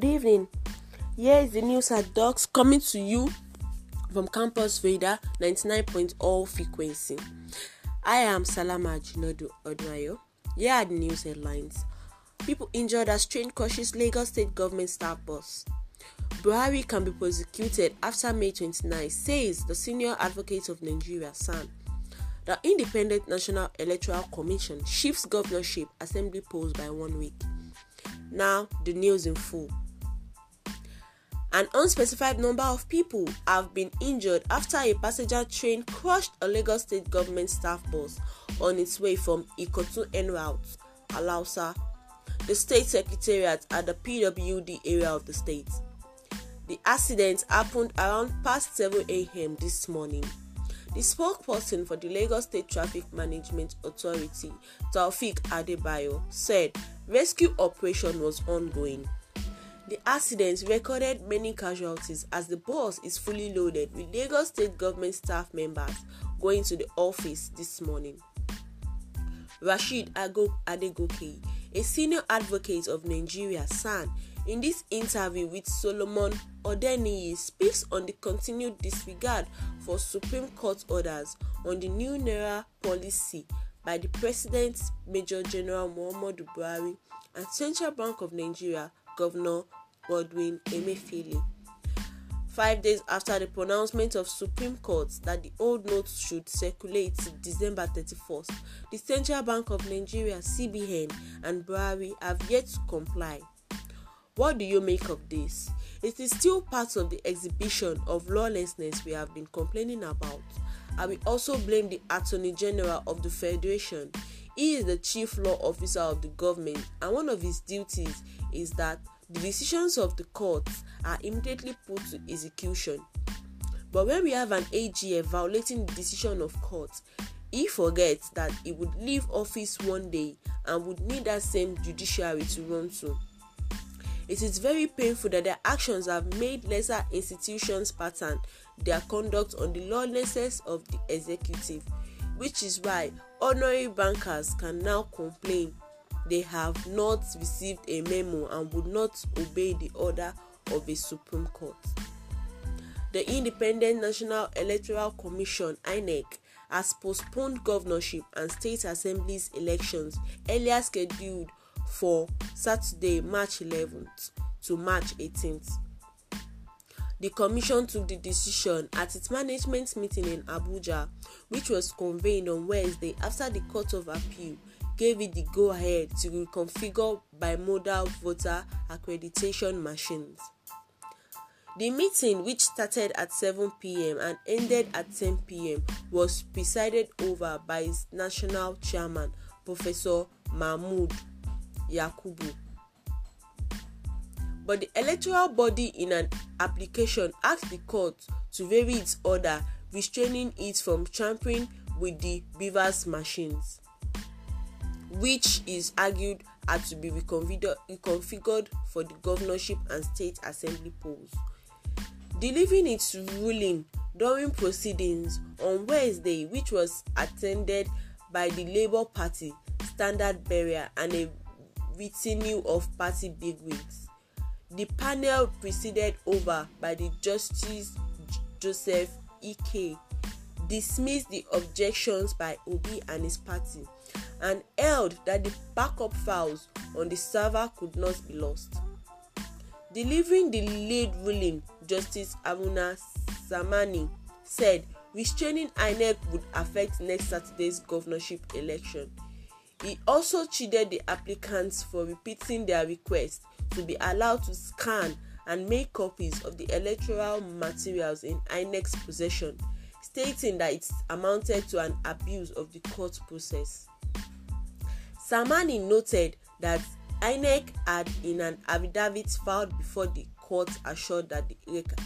Good evening. Here is the news at Docs coming to you from Campus Vader 99.0 frequency. I am Salama Jinodu Odmayo. Here are the news headlines. People injured as train crushes Lagos State Government staff bus. Buhari can be prosecuted after May 29, says the senior advocate of Nigeria, SAN. The Independent National Electoral Commission shifts governorship assembly polls by one week. Now, the news in full. An unspecified number of people have been injured after a passenger train crushed a Lagos state government staff bus on its way from Ikotu en route, Alausa, the state secretariat at the PWD area of the state. The accident happened around past 7 a.m. this morning. The spokesperson for the Lagos State Traffic Management Authority, Taufik Adebayo, said rescue operation was ongoing. The accident recorded many casualties as the bus is fully loaded with Lagos State government staff members going to the office this morning. Rashid Adegoke, a senior advocate of Nigeria, SAN, in this interview with Solomon Odeniyi speaks on the continued disregard for Supreme Court orders on the new Naira policy by the president's Major General Muhammadu Buhari and Central Bank of Nigeria Governor Godwin Emefiele. Five days after the pronouncement of Supreme Court that the old notes should circulate December 31st, the Central Bank of Nigeria (CBN) and Buhari have yet to comply. What do you make of this? It is still part of the exhibition of lawlessness we have been complaining about. I will also blame the Attorney General of the Federation. He is the chief law officer of the government, and one of his duties is that the decisions of the courts are immediately put to execution. But when we have an AGF violating the decision of court, he forgets that he would leave office one day and would need that same judiciary to run to. It is very painful that their actions have made lesser institutions pattern their conduct on the lawlessness of the executive, which is why ordinary bankers can now complain they have not received a memo and would not obey the order of a Supreme Court. The Independent National Electoral Commission (INEC) has postponed governorship and state assemblies elections earlier scheduled for Saturday, March 11th to March 18th. The Commission took the decision at its management meeting in Abuja, which was convened on Wednesday after the Court of Appeal gave it the go ahead to reconfigure bimodal voter accreditation machines. The meeting, which started at 7 pm and ended at 10 pm, was presided over by its national chairman, Professor Mahmoud Yakubu. But the electoral body, in an application, asked the court to vary its order, restraining it from tampering with the Beavers machines which is argued had to be reconfigured, for the governorship and state assembly polls. Delivering its ruling during proceedings on Wednesday, which was attended by the Labour Party standard bearer and a retinue of party bigwigs. The panel presided over by the Justice Joseph Ek dismissed the objections by Obi and his party and held that the backup files on the server could not be lost. Delivering the lead ruling, Justice Aruna Samani said restraining INEC would affect next Saturday's governorship election. He also chided the applicants for repeating their request to be allowed to scan and make copies of the electoral materials in INEC's possession stating that it amounted to an abuse of the court process. Samani noted that INEC had, in an affidavit filed before the court, assured that the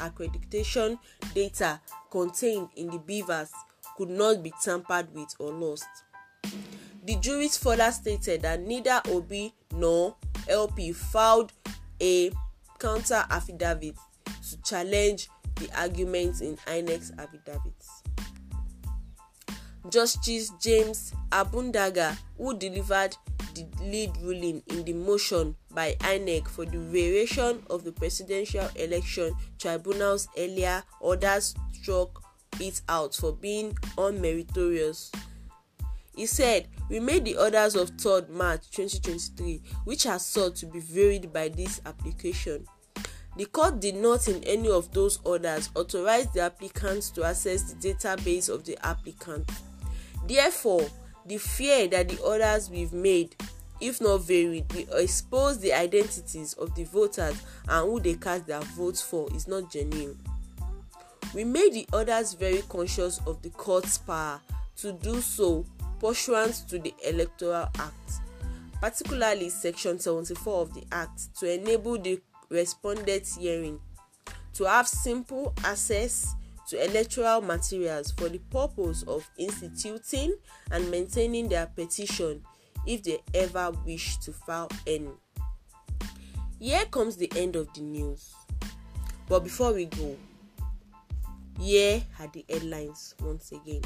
accreditation data contained in the beavers could not be tampered with or lost. The jurist further stated that neither Obi nor LP filed a counter affidavit to challenge the arguments in Inex affidavits. Justice James Abundaga, who delivered the lead ruling in the motion by INEC for the variation of the Presidential Election Tribunal's earlier orders, struck it out for being unmeritorious. He said, We made the orders of 3rd March 2023, which are sought to be varied by this application. The court did not, in any of those orders, authorize the applicants to access the database of the applicant. Therefore, the fear that the orders we've made, if not varied, will expose the identities of the voters and who they cast their votes for is not genuine. We made the orders very conscious of the court's power to do so pursuant to the Electoral Act, particularly Section 74 of the Act, to enable the responded hearing to have simple access to electoral materials for the purpose of instituting and maintaining their petition if they ever wish to file any. Here comes the end of the news. But before we go, here are the headlines once again.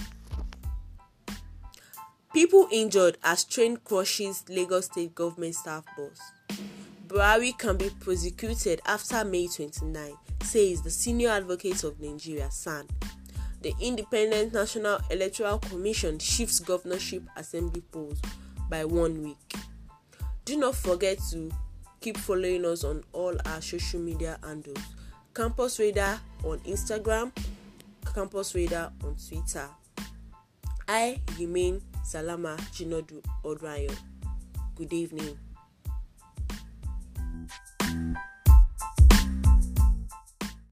People injured as train crushes Lagos State government staff bus. Buhari can be prosecuted after May 29, says the senior advocate of Nigeria, SAN. The Independent National Electoral Commission shifts governorship assembly polls by one week. Do not forget to keep following us on all our social media handles Campus Radar on Instagram, Campus Radar on Twitter. I remain Salama Jinodu Odrayo. Good evening.